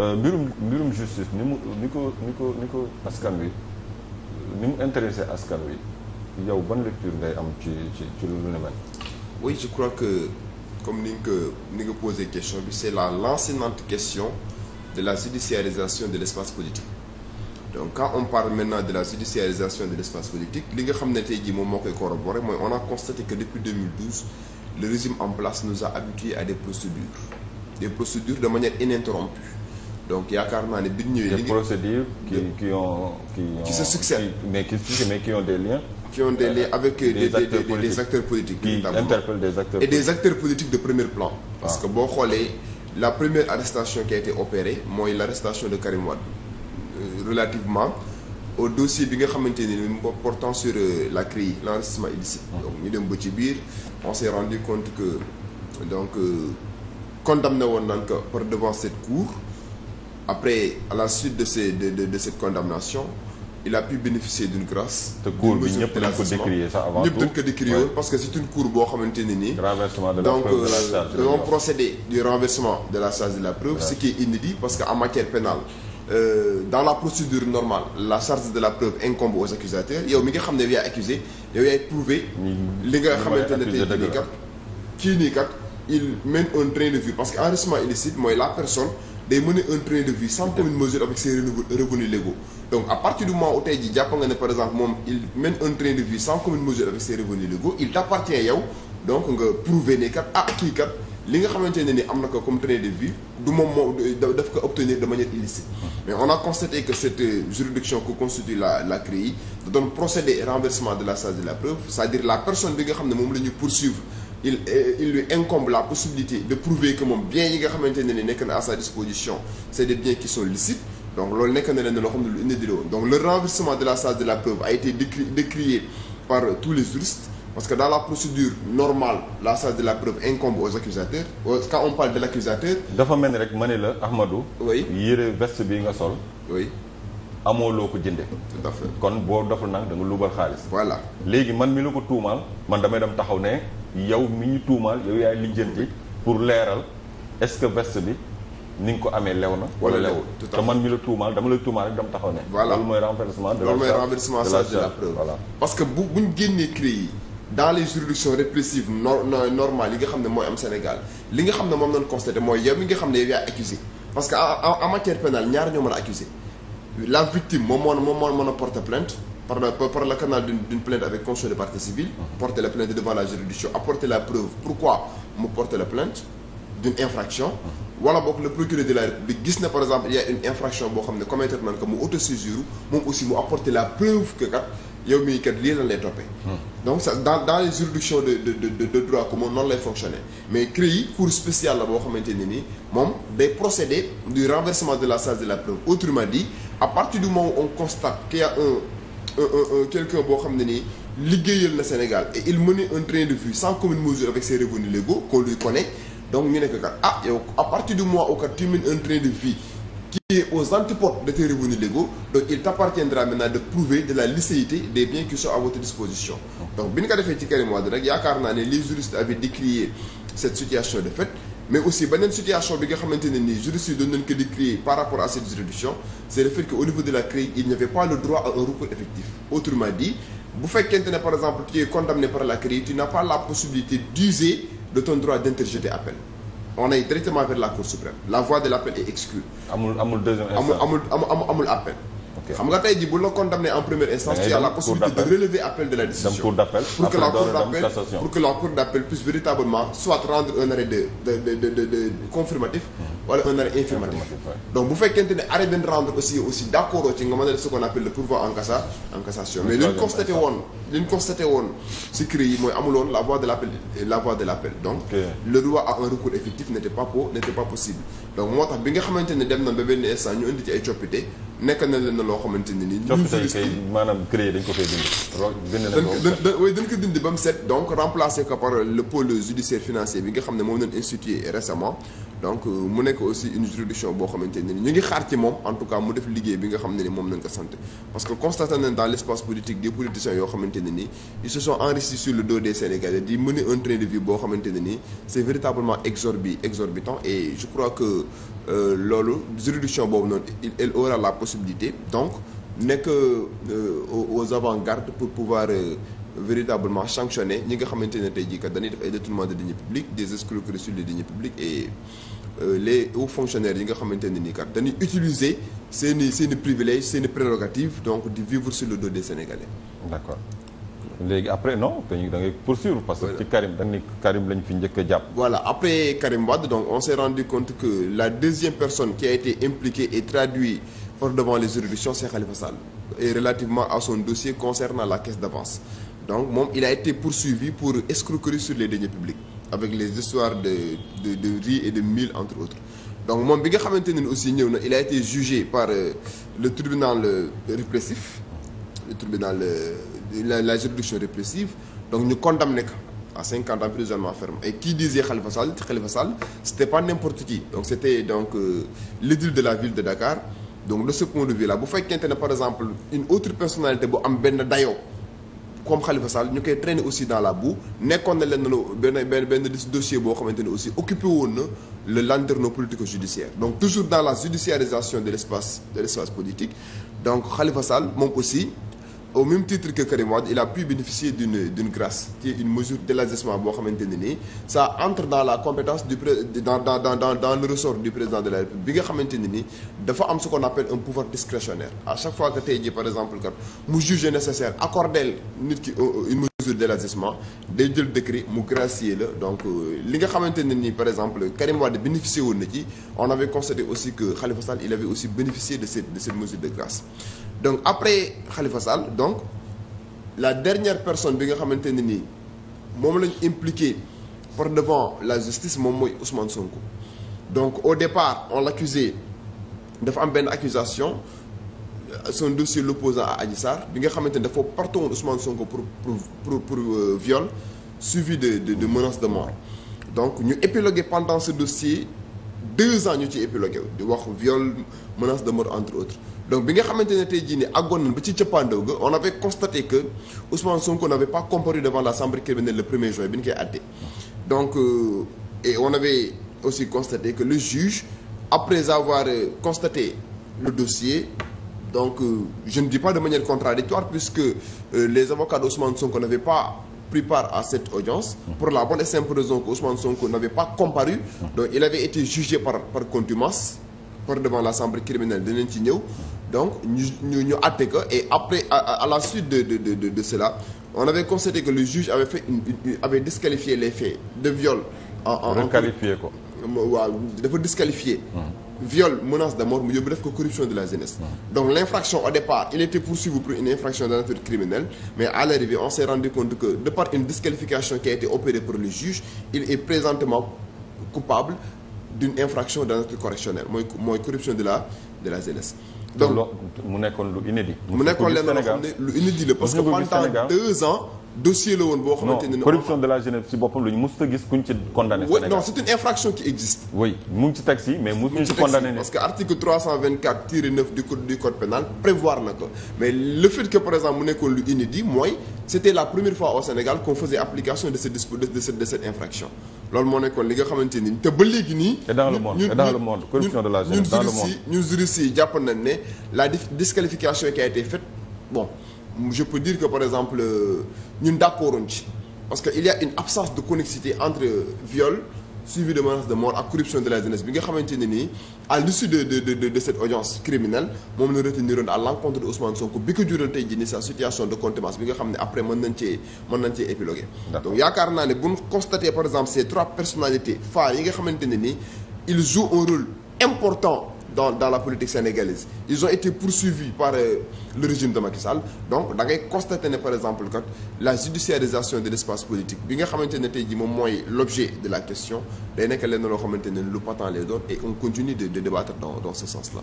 te euh, mbirum mbirum justice ni mu ni ko ni ko askan wi ni mu intéressé askan wi yow ban lecture ngay am ci ci ci lu ne mel. oui je crois que comme ni nga ko ni question bi c'est la lancinante question de la judiciarisation de l'espace politique donc quand on parle maintenant de la judiciarisation de l'espace politique li nga xam ne tey jii moom moo koy corroborer mooy on a constaté que depuis le régime en place nous a habitués à des procédures des procédures de manière ininterrompue donc yaakaar naa ne bi ñu ñëwee. des procédures qui qui ont qui ont qui mais qui mais qui des liens. qui ont des liens euh, avec euh, des des, acteurs des, des acteurs politiques. qui interpellent des acteurs. et des acteurs politiques de premier plan. parce ah. que boo xoolee la première arrestation qui a été opérée mooy l'arrestation de Karim Wade euh, relativement au dossier bi nga xamante ni portant sur la CREI l'enrichissement illicite. Ah. donc ñu dem ba ci biir on s'est rendu compte que donc condamné woon nañ ko par devant cette cour. après à la suite de cette condamnation il a pu bénéficier d'une grâce. te bi ñëpp dañ ko décrier parce que c'est une cour boo xamante ne nii. renversement de la donc, preuve de la charge de la donc procédé du renversement de la charge de la preuve. ce qui est inédit parce que en matière pénale. Euh, dans la procédure normale la charge de la preuve incombe aux accusateurs yow mi nga xam ne yaay accusé yow yaay prouver li nga xamante ne tey kii nii kat kii nii kat il mène un train de vie parce que enrichissement illicite la personne. day mener un train de vie sans commune mesure avec ses revenus légaux donc à du moment où tey jàpp nga ne par exemple moom il mène un train de vie sans commune mesure avec ses revenus légaux il t'appartient yow donc nga prouver kat ah kii kat li nga xamante ne ni am na ko comme train de vie du moom moo daf ko obtenir de manière illicite mais on a constaté que cette euh, juridiction que constitue la la CREI da doon procéder bi nga xam ne moom la ñu poursuivre il euh, il lui incombe la possibilité de prouver que moom bien yi nga xamante ne ni nekk na à sa disposition c'est des biens qui sont licites donc loolu nekk na leen loo xam ne lu inédit woon donc le renversement de la charge de la preuve a été décri décrié par tous les juristes parce que dans la procédure normal la charge de la preuve incombe aux accusateurs quand on parle de l'accusateur dafa mel ni rek ma ne la Ahmadou oui yére veste bi nga sol oui amoo ko jënde kon boo deful nag da nga luubal xaalis voilà léegi man mi la ko tuumaal man damay dem taxaw ne yow mi ñu tuumaal yow yaay lijjanti pour leeral est-ce que veste bi ni nga ko amee lew na. wala lewul te man mi la tuumaal dama la tuumaal rek dama taxaw ne. voilà loolu mooy renversement de la. loolu mooy renversement de la preuve parce que bu bu génnee CREI yi dans les juridictions répressives nor normales yi nga xam ne mooy am Sénégal li nga xam ne moom lañ constaté mooy yow mi nga xam ne yow yaa accusé parce que en en matière pénale ñaar ñoo mën a accusé la victime moom moo moom moo mën a porter plainte par la par le canal d'une plainte avec conçu de partie civile mhm. porter la plainte devant la juridiction apporter la preuve pourquoi mu porter la plainte d'une infraction mhm. wala boog le procureur de la République gis na par exemple il a une infraction boo xam ne commettre nañ ko mu autosaisir moom aussi mu apporter la preuve que kat yow mii kat lii lan lay toppee. Mhm. donc ça dans dans les juridictions de droit commun noonu lay fonctionner mais CREI on y un quelqu'un boo xam ne ni liggéeyal na Sénégal et il mène un train de vie sans commune mesure avec ses revenus légaux qu'on lui connaît donc ñu nekk kat ah yow à partir du mois où kat tu un train de vie qui aux antipodes de tes revenus légaux donc il t'appartiendra maintenant de prouver de la licéité des biens qui sont à votre disposition donc bi ñu ko defee ci Karim Wade nag yaakaar naa ne li juristes avaient décrié cette situation de fait mais aussi beneen situation bi nga xamante ne nii juristes yi doon nañ ko décrier par rapport à cette juridiction c' est que au niveau de la CREI il n'y avait pas le droit à un recours effectif autrement dit bu fekkente ne par exemple tu es condamné par la CREI tu n'as pas la possibilité d'user de droit d'interjeter appel on est directement vers la Cour suprême la voie de l' appel est exclue amul amul amul amul amul amul appel xam nga tey ji bu la condamné en première instance tu as la possibilité de relever appel de la décision pour que la cour d'appel pour que la cour d'appel puisse véritablement soit rendre un arrêt de de de de de confirmatif mhm. wala un arrêt infirmatif donc bu fekkente ne arrêt ben rendre aussi aussi d'accord ci nga mën a def ce qu'on appelle le pourvoi en mais li ñu woon li ñu woon si mooy amuloon la voie de l'appel donc le nekk na leen na loo xamante ne nii. dañ ko fay dindi. dañ ko dindi ba mu set donc remplacé ko par le judiciaire financier bi nga xam ne moom lañ institué récemment. donc euh, mu nekk aussi une juridiction boo xamante ni ñu ngi xaar ci moom en tout cas mu def liggéey bi nga xam ne ni moom lañ ko sant parce que constaté nañ dans l' espace politique des politiciens yoo xamante ne nii ils se sont sur le dos des Sénégalais di mener ne nii que euh, loolu possibilités donc nekk euh, aux avant-gardes pour pouvoir euh, véritablement sanctionner ñi nga xamante ne tey jii kat dañuy def ay détournement de deniers publics des escroqueries sur les deniers et euh, les hauts fonctionnaires yi nga xamante ne nii kat dañuy utiliser seen i seen i privilèges seen i prérogatives donc di vivre sur le dos des Sénégalais. d'accord léegi après non dañuy poursuivre. parce que ci Karim da Karim lañ fi njëkk jàpp. voilà après Karim Wade donc on s'est rendu compte que la deuxième pour devant les juridictions Cheikh Khalifa Sall et relativement à son dossier concernant la caisse d'avance donc moom il a été poursuivi pour escroquerie sur les deniers publics avec les histoires de riz et de mil entre autres donc moom bi nga xamante ne aussi ñëw na il a été jugé par euh, le tribunal euh, répressif le tribunal euh, la, la juridiction répressive donc ñu condamné ko à cinquante ans d'emprisonnement ferme et qui disait Khalifa Sall Khalifa Sall c'était pas n'importe qui donc c'était donc euh, de la donc de ce point bu fekkente ne par exemple une autre personnalité bu am benn dayoo comme Khalifa Sall ñu koy traîner aussi dans la bu nekkoon na leen benn benn benn dossier boo xamante ne aussi occupé woon na le landerneau politico-judiciaire donc toujours dans la judiciarisation de l'espace de l'espace politique donc Khalifa Sall moom aussi au même titre que Karim Wade il a pu bénéficier d'une d'une grâce qui est une mesure d'élargissement boo xamante nii ça entre dans la compétence du pré dans dans dans du président de la République bi nga xamante nii dafa am ce qu'on appelle un pouvoir discrétionnaire à chaque fois que tey jii par exemple kat mu juge nécessaire accordeel nit ki euh, une mesure d'élargissement day jël décret mu gracier la donc euh, li nga xamante ne nii par exemple Karim Wade bénéficié woon na ci on avait constaté aussi donc après xalifa Sall donc la dernière personne bi nga xamante ne nii moom lañ impliqué par devant la justice moom mooy Ousmane Sonko donc au départ on l'accusait dafa am benn accusation euh, son dossier l'opposant à Adji Sarr bi nga xamante ne dafa partout woon Ousmane Sonko pour pour pour, pour euh, viol suivi de de de menace de mort donc ñu épilogué pendant ce dossier deux ans ñu ci épilogué di wax viol menace de mort entre autres donc bi nga xamante ne tey jii nii àggoon nañ ba ci cëppaandaw ga on avait constaté que Ousmane Sonko n'avait pas comparu devant la chambre criminelle le 1er bi ñu koy àtte donc euh, et on avait aussi constaté que le juge après avoir euh, constaté le dossier donc euh, je ne dis pas de manière contradictoire puisque euh, les avocats d'Ousmane Sonko n'avaient pas pris part à cette audience pour la bonne et simple raison que Ousmane Sonko n'avait pas comparu donc il pour devant la chambre criminelle dinañ ci ñëw donc ñu ñu ko et après à, à la suite de de de de cela on avait constaté que le juge avait fait une, une avait disqualifié les faits de viol. en en requalifié ko. waaw dafa disqualifié. Mmh. menace de mort mu yóbbu def ko corruption de la jeunesse mmh. donc l'infraction au départ il était poursuivi pour une infraction de nature criminelle mais à l'arrivée on s'est rendu compte que de par une disqualification qui a été opérée par le juge il d'une infraction dans notre correctionnel mooy mooy corruption de la de la jeunesse. donc mu nekkoon lu inédit. mu nekkoon lenn loo xam la parce que pendant deux ans. dossier la woon boo xamante ne. corruption de la jeunesse ci boppam la ñu mosut gis kuñ ci condamné. non c'est une infraction qui existe. oui mu taxi mais mosuñu ci condamné. parce que article 324 tiré 9 du code du code pénal prévoir na ko mais le fait que par exemple mu nekkoon lu inédit mooy. c'était la première fois au Sénégal qu'on faisait application de ce de cette de cette infraction loolu moo nekkoon li nga xamante ni te ba léegi nii. et dans le monde et dans le monde corruption de la jeunesse dans le monde jàpp nañ ne la disqualification qui a été faite bon je peux dire que par exemple euh, ñun d'accorduñ ci parce que il y a une absence de connexité entre viol. suivi de menaces de mort ak corruption de la jeunesse bi nga xamante ne nii à de de de cette audience criminelle moom la reteniroon à l'encontre de Ousmane Sonko bi ko jural tey jii sa situation de contumace bi nga xam ne après mën nañ cee mën nañ cee épiloguer. donc yaakaar naa ne bu ñu constaté par exemple ces trois personnalités phares yi nga xamante ne nii ils jouent un rôle important. dans dans la politique sénégalaise ils ont été poursuivis par euh, le régime de Macky Sall donc da ngay ne par exemple kat la judiciarisation de l'espace politique bi nga xamante ne tey ji moom mooy l'objet de la question day nekk lenn loo xamante ne lu patent lay doon et on continue de débattre dans ce sens-là.